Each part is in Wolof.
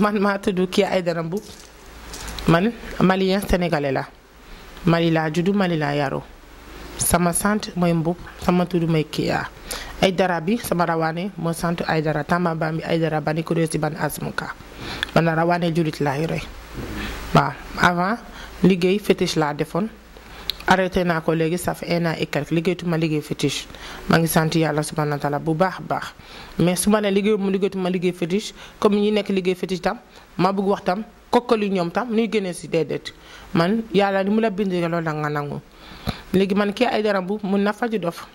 man maa ki ay dara Mboup man malien sénégalais la Mali laa juddu Mali laa yaru sama sant mooy Mboup sama tudd mooy Kya Aidara bi sama rawaane moo sant Aidara tamba bambi Aidara bani kuréesi ban asmuka man rawaane jullit laa yore waaw avant liggéey fétiche laa defoon arrêté naa ko léegi ça fait un an et liggéey fétiche ma ngi sant yàlla subhanahu wa taala bu baax a baax mais su ma ne liggéeyuma liggéeyatuma liggéey fétiche comme ñu nekk liggéey fétiche tam ma bëgg wax tam kokkali ñoom tam nuy génnee si déedéet man yàlla ni mu la bind loolu la nga nangu léegi man kii ay dara bu mun na faju dof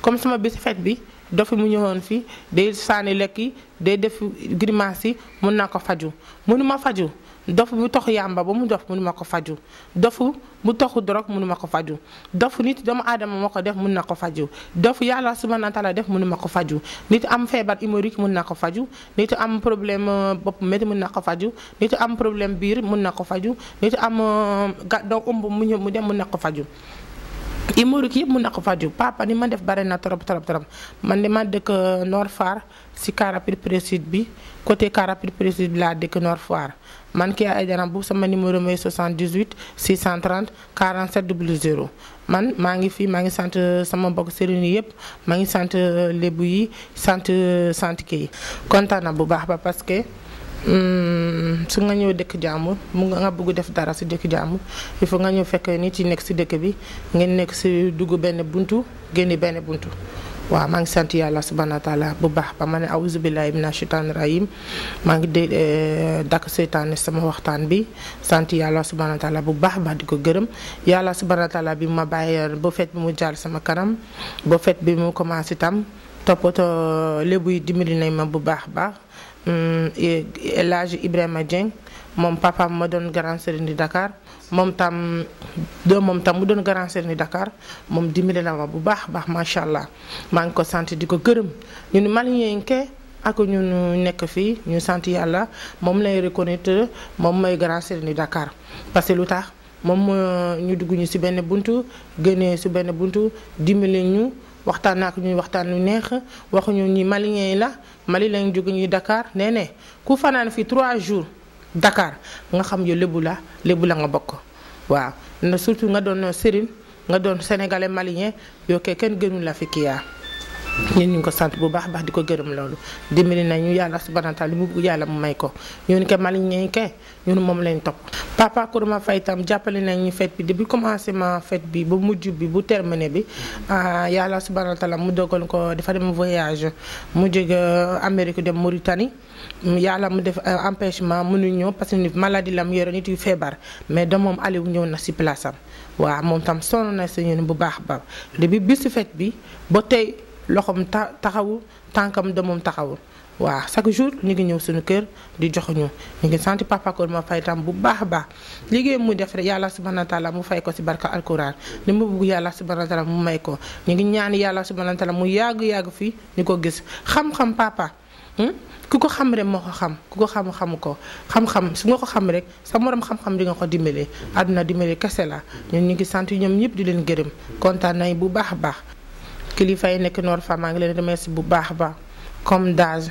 comme sama bis fet bi dof mu ñëwoon fii day saani lekk yi day def grimace yi mun naa ko faju mënuma faju dofu bu tox yàmba ba mu dof munu ma ko faju dofu mu toxu drogue mënu ma ko faju dofu nit doomu aadama moo ko def mun na ko faju dofu yàlla subhanahu wa def mënu ma ko faju nit am feebar hémorroïde mën na ko faju nit am problème euh, bopp métti mën na ko faju nit am problème biir mën na ko faju nit am euh, ga doo mu ñëw mu dem mun na ko faju yi Morick yëpp mun na ko faju papa ni ma def bare na trop trop trop man de ma dëkk euh, Nord Foire si car rapide bi côté car rapide bi laa dëkk Nord Foire man kii ay dara bu sama numéro mooy 78 630 47 00 man maa ngi fii maa ngi sant euh, sama mbokk sëriñ yi yëpp maa ngi sant euh, lébu yi sant sant kii kontaan bu baax ba parce que. su nga ñëw dëkk jàmbur mu nga bëgg def dara si dëkk jàmbur il faut nga ñëw fekk nit yi nekk si dëkk bi ngeen nekk si dugg benn buntu génn benn buntu. waaw maa ngi sant yàlla subhanahu wa taala bu baax ba ma ne awuzu billahi mina shaytaani rahim maa ngi de eh, dàkk seytaane sama waxtaan bi sant yàlla subhanahu wa bu baax baax di ko gërëm yàlla subhanahu wa bi ma bàyyi ba fet bi mu jàll sama kanam ba fet bi mu commencé itam toppatoo lébu yi nañ ma bu baax baax. El Hadj Ibrahima Dieng moom papaam ma doon grand sëriñ di Dakar moom tam doo moom tam mu doon grand sëriñ di Dakar moom dimbali na ma bu baax baax macha allah maa ngi ko sant di ko gërëm ñun malien ke ak ñu nekk fii ñu sant yàlla moom lay reconnaître moom mooy grand sëriñ Dakar parce que lu tax moom euh, ñu dugg ñu si benn buntu génnee si benn buntu dimile ñu. waxtaan naa ko ñuy waxtaan lu neex waxuñu ñi malien yi la Mali lañ jóge ñuy dakaar nee ne ku fanaan fii trois jours dakaar nga xam yow lébu la lébu la nga bokk waaw na surtout nga doon sëriñ nga doon sénégalais malien yoo kee kenn gënu la fi ñun ñu ngi ko sant bu baax baax di ko gërëm loolu dimbali nañu yàlla subhanahu wa taala li mu bëgg yàlla mu may ko ñun ke mali ñi ke ñun moom lañ topp papa Kourouma Faye tam jàppale nañu fête bi depuis commencement bi ba mujj bi bu terminé bi ah, yàlla subhanahu wa taala mu dogal ko dafa dem voyage mu jóge Amérique dem Mauritanie yàlla mu def euh, empêchement mënu ñëw parce que maladie la mu yore nit feebar mais doomam Aliou ñëw na si place waaw moom tam sonn na si bu baax ba depuis bisu fête bi ba tey loxom taxawu tankam demum taxawu wa chaque jour ñi ngi ñew suñu kër di jox ñu ngi santi papa ko ma fay tam bu baax ba liggéey mu def yalla subhanahu wa ta'ala mu fay ko ci barka alquran ni mu bëgg yalla subhanahu wa ta'ala mu may ko ñi ngi ñaan yalla subhanahu wa ta'ala mu yag yag fi ni ko gis xam xam papa hmm? kuko xam rek moko xam kuko xam xam ko xam-xam su nga ko xam rek sa morom xam-xam di nga ko dimbale aduna dimbale kessela ñun ñi ngi santi ñom ñep di leen gërëm contane bu baax baax kilifa yi nekk Nord fa maa ngi leen remercier bu baax a baax comme Dage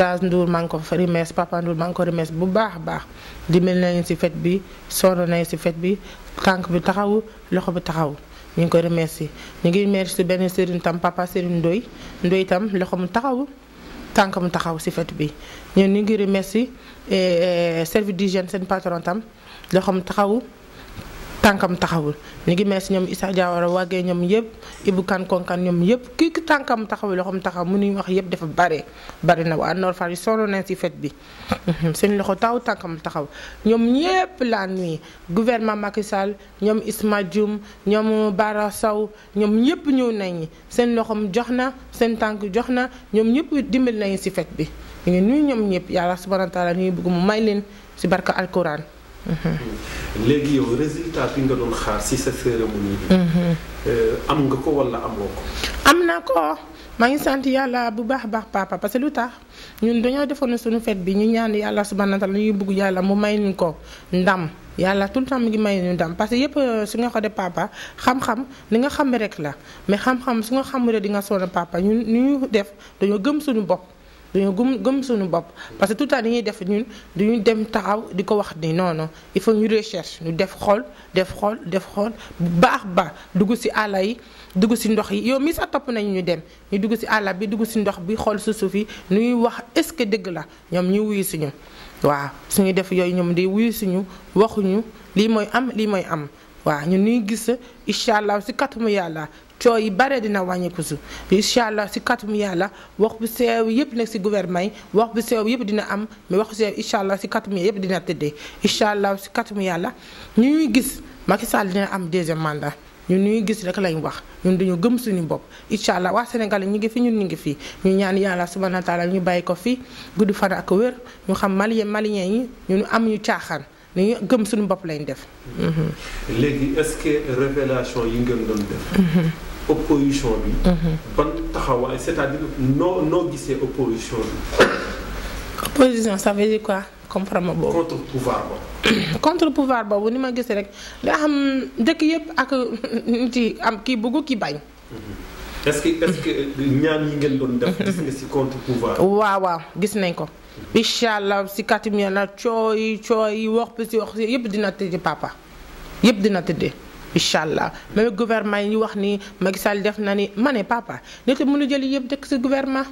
Dage nduur maa ngi ko remercier Papa bu baax a baax dimbali nañu ci fête bi sonn nañu ci fête bi tànk bi taxawu loxo bi taxawu ñu ngi ko remercier ñu ngi remercier benn Serigne tam Papa Serigne Ndoye Ndoye tam loxo mu taxawu tànk mu taxaw ci fête bi ñun ñu ngi remercier eh, eh, service d'hygiène seen patron tam loxo mu taxawu. tankam taxawul ñi ngi mess ñom isa jawara wagge ñom yeb ibu Kan Konkan ñom yeb ki ki tankam taxawul loxom taxaw mu ñuy wax yeb dafa bare bare na wa nor Fari solo na ci fête bi mhm, seen loxo taw tankam taxaw ñom ñepp la nuit gouvernement Macky Sall ñom Isma Dioum ñom Bara Sow ñom ñepp ñew nañ seen loxom joxna seen tank joxna ñom ñepp dimbal nañ ci fête bi ñi nuy ñom ñepp Yalla subhanahu wa ta'ala ñuy bëgg mu may leen ci barka alcorane léegi yow résultat bi nga doon xaar ci sa cérémonie bi. Euh, am nga ko walla amoo ko. am naa ko maa ngi sant yàlla bu baax a baax papa parce que lu tax ñun dañoo defoon suñu fet bi ñu ñaan yàlla subhaanahu wa taala ñu bëgg yàlla mu may ñu ko ndam. yàlla tout le temps mi ngi may ñu ndam parce que yëpp euh, su nga xoolee papa xam-xam li nga xam rek la mais xam-xam su nga xamulee di nga sonn papa ñun ñu def dañoo gëm suñu bopp. dañu gëm gëm suñu bopp parce que tout dañuy def ñun duñu dem taxaw di ko wax ni non non ñu recherche ñu def xool def xool def xool bu baax ba dugg si àll yi dugg si ndox yi yow mi sax topp nañu ñu dem ñu dugg si àlla bi dugg si ndox bi xool su suuf yi ñuy wax est-ce que dëgg la ñoom ñu wuyu suñu waaw suñu def yooyu ñoom di wuyu suñu waxuñu lii mooy am lii mooy am waaw ñun ñuy gis incha allah si kàttanu yàlla coow yi bare dina wàññeeku si incha allah si kàttanu yàlla wax bu sew yëpp nekk si gouvernement yi wax bu sew yëpp dina am mais wax bu seew incha allah si kàttanu yëpp dina tëddee incha allah si kàttanu yàlla ñu ñuy gis Macky Sall dina am deuxième mandat. ñun ñuy gis rek lañ wax ñun dañu gëm suñu bopp incha allah waa Sénégal ñu ngi fi ñun ñu ngi fi ñu ñaan yàlla subhanahu wa ñu bàyyi ko fi gudd fan ak wér ñu xam malien malien yi ñu am ñu caaxaan. li gëm suñu bopp lañ def. Mhm. léegi est-ce que révélation yi ngeen doon def. Mhm. opposition bi. Mhm. ban taxawaay c'est-à-dire noo noo gisee opposition bi. opposition ça veut dire quoi comprendre boobu. contre pouvoir boobu. ni ma gisee rek daa xam dëkk yëpp ak nit yi am kii bëgg ki bañ. est-ce que est-ce que ñaan yi ngeen doon def. gis contre pouvoir. waaw waaw gis nañ ko. incha allah si kàttum yàlla cooy cooy wax bi si wax yëpp dina tëddee papa yëpp dina tëddee. incha allah même gouvernement yi wax ni Macky Sall def na ni ma ne papa nit mënu jël yëpp dëkk si gouvernement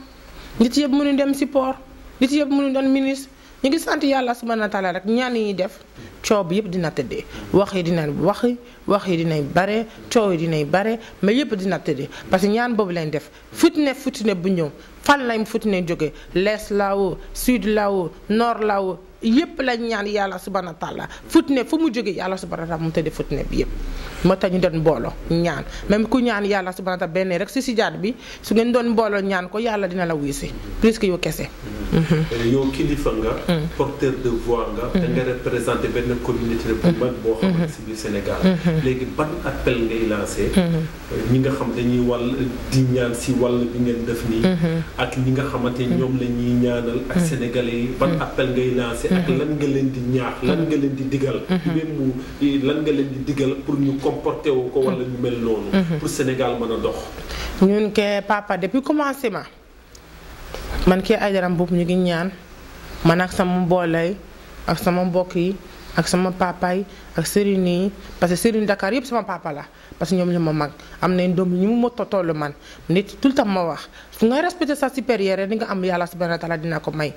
nit yëpp mënu dem si port nit yëpp mënu doon ministre. ñu ngi sant yàlla subhanahu wa taala rek ñaan yi ñuy def coow yëpp dina tëddee wax yi dina wax wax yi dinay bare coow yi dinay bare mais yëpp dina tëddee parce que ñaan boobu leen def futine futine bu ñëw fan lañ futine jóge lees laawo sud laawo nord laawo yépp lañ ñaan yàlla subhana taala futne fu mu jógee yàlla subhana taala mu tëddee futne bi yépp moo tax ñu doon booloo ñaan même ku ñaan yàlla subhana benn rek si si bi su ngeen doon booloo ñaan ko yàlla dina la wuyu si plus que yow kese. Mm-hmm. Mm-hmm. yow kilifa nga. Mm-hmm. porteur de voix nga. da nga représenté benn communauté bu mag boo xamante si biir Sénégal. léegi ban appel ngay lancé. Euh, ñi nga xam dañuy wàll di ñaan si wàll bi ngeen def nii. ak ñi nga xamante ñoom la ak lan nga leen di ñaax lan nga leen di digal même mm-hmm. lan nga leen di digal pour ñu comporter wu ko wala ñu mel noonu mm-hmm. pour Sénégal mën a dox ñun ke papa depuis commencement man ke ay daram bobu ñu ngi ñaan man ak sama mbolay ak sama mbokk yi ak sama papa yi ak Serigne yi parce que Serigne Dakar yépp sama papa la parce que ñoom ñoo ma mag am nañ doom ñu mu ma totoolu man nit tout le temps ma wax fu nga respecté sa supérieur di nga am yàlla subhanahu wa taala dina ko may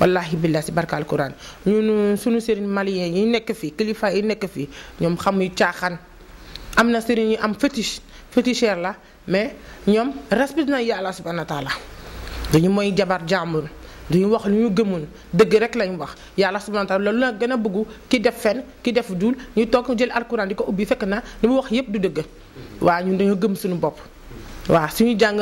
والله بالله سبارك القرآن ين سنو سرني مالي ينكفي كلفة ينكفي يوم خم يتشاخن أمنا نسرني أم فتش فتشير لا مي يوم رسبنا يا الله سبحانه وتعالى دنيا ما يجبر جامون دنيا وقت نيجمون دعيرك لا يبغى يا الله سبحانه وتعالى لا جنا بقو كده فن كده فدول نيتوك نجيل القرآن ديكو أبي فكنا نبغى يب دودعه وان ينجم سنو باب وان سنو جانغ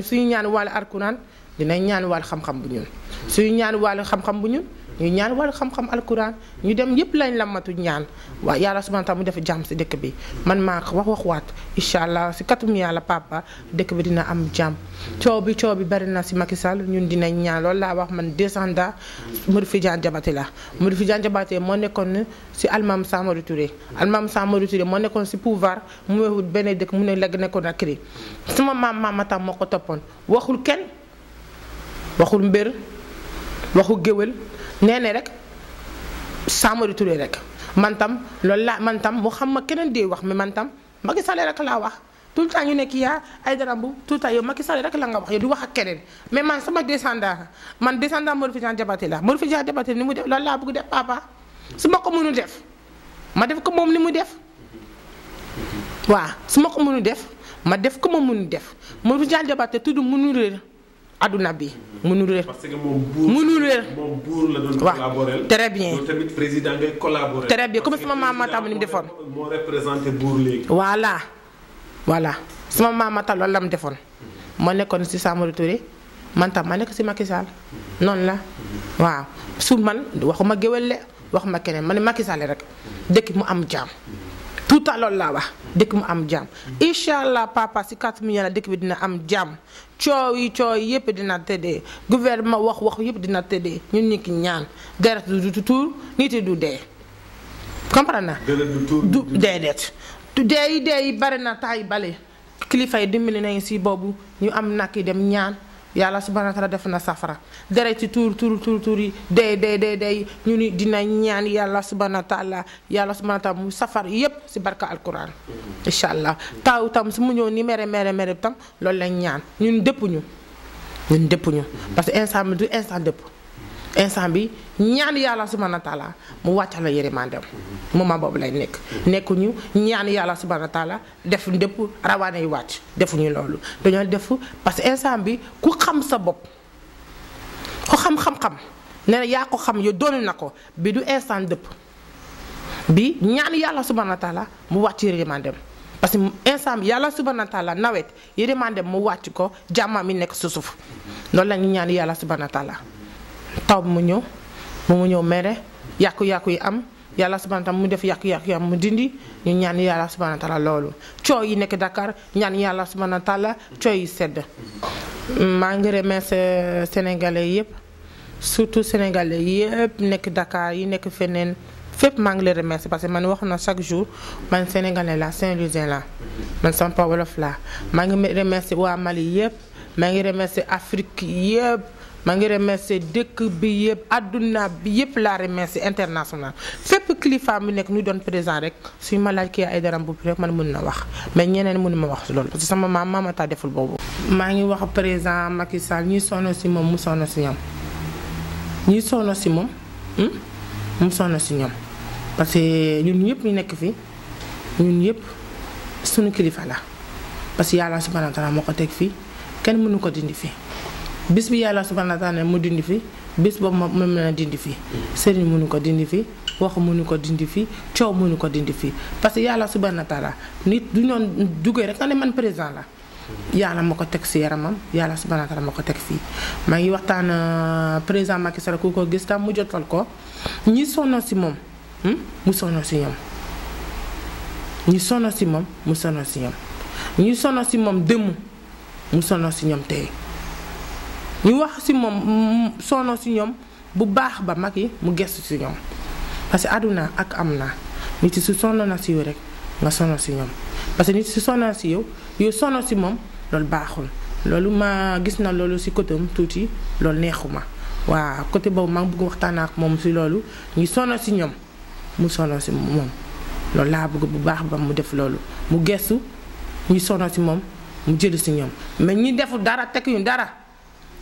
سنو يان وال القرآن دنيا يان وال خم خم بنيون suñu ñaan wàllu xam-xam bu ñun ñu ñaan wàllu xam-xam alquran ñu dem yëpp lañ lammatu ñaan waa yàlla subhana taala mu def jàmm si dëkk bi man maa wax wax waat allah si katum yàlla papa dëkk bi dina am jàmm coow bi coow bi bari na si Macky Sall ñun dinañ ñaan lool laa wax man descendant fi Diabaté la fi Diabaté moo nekkoon si almam Samadou Touré almam Samadou Touré moo nekkoon si pouvoir mu wewul benn dëkk mu ne lag nekkoon ak kri sama maam maam tam moo waxul kenn waxul waxu géwél nee ne rek Samori Touré rek man tam loolu laa man tam mu xam ma keneen dee wax mais man tam Macky Sall rek laa wax tout le temps ñu nekk yaa ay dara bu tout le temps yow Macky rek la nga wax yow du wax ak keneen mais man sama descendant man descendant Modou Fidjian Diabaté la Modou Fidjian Diabaté ni mu def loolu laa bëgg def papa su ma ko mënu def ma def ko moom ni mu def waaw su ma ko mënu def ma def ko ma mënu def Modou Fidjian Diabaté tudd mënu réer adduna bi. mënul réer parce que moom buur mënul réer moom buur la doon collaborer. très bien comme sama maam Matam mu defoon. moo représenté buur voilà sama maam Matam loolu la mu defoon. ma nekkoon si Samori Touré man tam ma nekk si Macky noonu la waaw su man waxuma géwél le waxuma keneen ma ne Macky rek dëkk mu am jaam. tout à loolu laa wax dëkk mu am jàmm incha allah papa si kàttu mi yàlla dëkk bi dina am jàmm coow yi coow yëpp dina tëddee gouvernement wax wax yëpp dina tëddee ñu ki ñaan deret du tuur nit du dee comprendre na du déedéet du dee dee yi bari na taay bale kilifa yi dimbali nañu si boobu ñu am nag yi dem ñaan yàlla subhaanahu wa taala def na safara deret yi tuur tuur tuur tuur yi day day day day ñu ni dina ñaan yàlla subhaanahu wa yàlla subhaanahu mu safar yépp ci barka alquran mm-hmm. incha allah taaw tam su mu ñëw ni mere mere mere tam loolu lañ ñaan ñun dëpp ñu ñun dëpp ñu mm-hmm. parce que instant bi du instant dëpp instant bi ñaan yàlla subhana taala mu wàccal la yërmandem moment boobu lay nekk nekkuñu ñaan yàlla subhana taala def ndépp rawaane yi wàcc defuñu loolu dañoo def parce que instant bi ku xam sa bopp ku xam-xam-xam ne na ko xam yo doonu na ko bi du instant dëpp bi ñaan yàlla subhana mu wàcc yërmandem parce que instant bi yàlla subhana taala nawet yërmandem mu wàcc ko jàmmam mi nekk susuf loolu la ñaan yàlla subhana taala taw mu ñëw mu mu ñëw mere yàqu-yàqu yi am yàlla subhana taala mu def yàqu-yàqu yi am mu dindi ñu ñaan yàlla subhana taala loolu coow yi nekk Dakar ñaan yàlla subhana taala coow yi sedd maa ngi remercier sénégalais yëpp surtout sénégalais yëpp nekk dakaar yi nekk feneen fépp maa ngi leen remercier parce que man wax na chaque jour man sénégalais la saint-louisien la man sama wolof la maa ngi remercier waa Mali yëpp maa ngi remercier Afrique yëpp maa ngi remercier dëkk bi yëpp àdduna bi yëpp laa remercier international fépp kilifaam bi nekk ñu doon présent rek suñ ma laaj kii ay daram bu rek man mun na wax mais ñeneen mënu ma wax loolu parce que sama maam maama taa deful boobu. maa ngi wax président Macky Sall ñi sonn si moom mu sonn si ñoom ñi sonn si moom hmm? mu sonn si ñoom parce que ñun ñëpp ñu nekk fi ñun yëpp suñu kilifa la parce yàlla si wa moo ko teg fii kenn mënu ko dindi fii. Bispo yalwa souban nata ane mwou din di fi, bispo mwen mwen din di fi. Seri mwen mwen mwen mwen din di fi, wak mwen mwen mwen din di fi, chow mwen mwen mwen din di fi. Pase yalwa souban nata la, ni dounyon dougere, kanè mwen prezant la. Yalwa mwen kotek si yara mam, yalwa souban nata la mwen kotek fi. Mwen yi wak tan prezant makisare koukou, gistan mwen djotol ko, ni sou nan si mam, mwen sou nan si nyam. Ni sou nan si mam, mwen sou nan si nyam. Ni sou nan si mam demou, mwen sou nan si nyam tey. ñu wax si moom sono si ñoom bu baax ba mag yi mu gestu si ñoom parce que àdduna ak am naa nit si sonn na si rek nga sonn si ñoom parce que nit si sonn na si yow yow sonn si moom loolu baaxul loolu ma gis na loolu si côté tuuti loolu neexuma waa côté boobu maa ngi waxtaan ak moom si loolu ngi sonn si ñoom mu sonn si moom loolu laa bëgg bu baax ba mu def loolu mu gestu ngi sonn si moom mu jël si ñoom mais ñi defu dara tekk yu dara.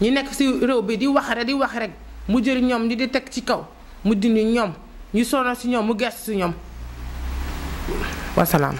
ñi nekk si réew bi di wax rek di wax rek mu jël ñoom ñu di teg ci kaw mu dindi ñoom ñu sonal si ñoom mu gëstu si ñoom wasalaam.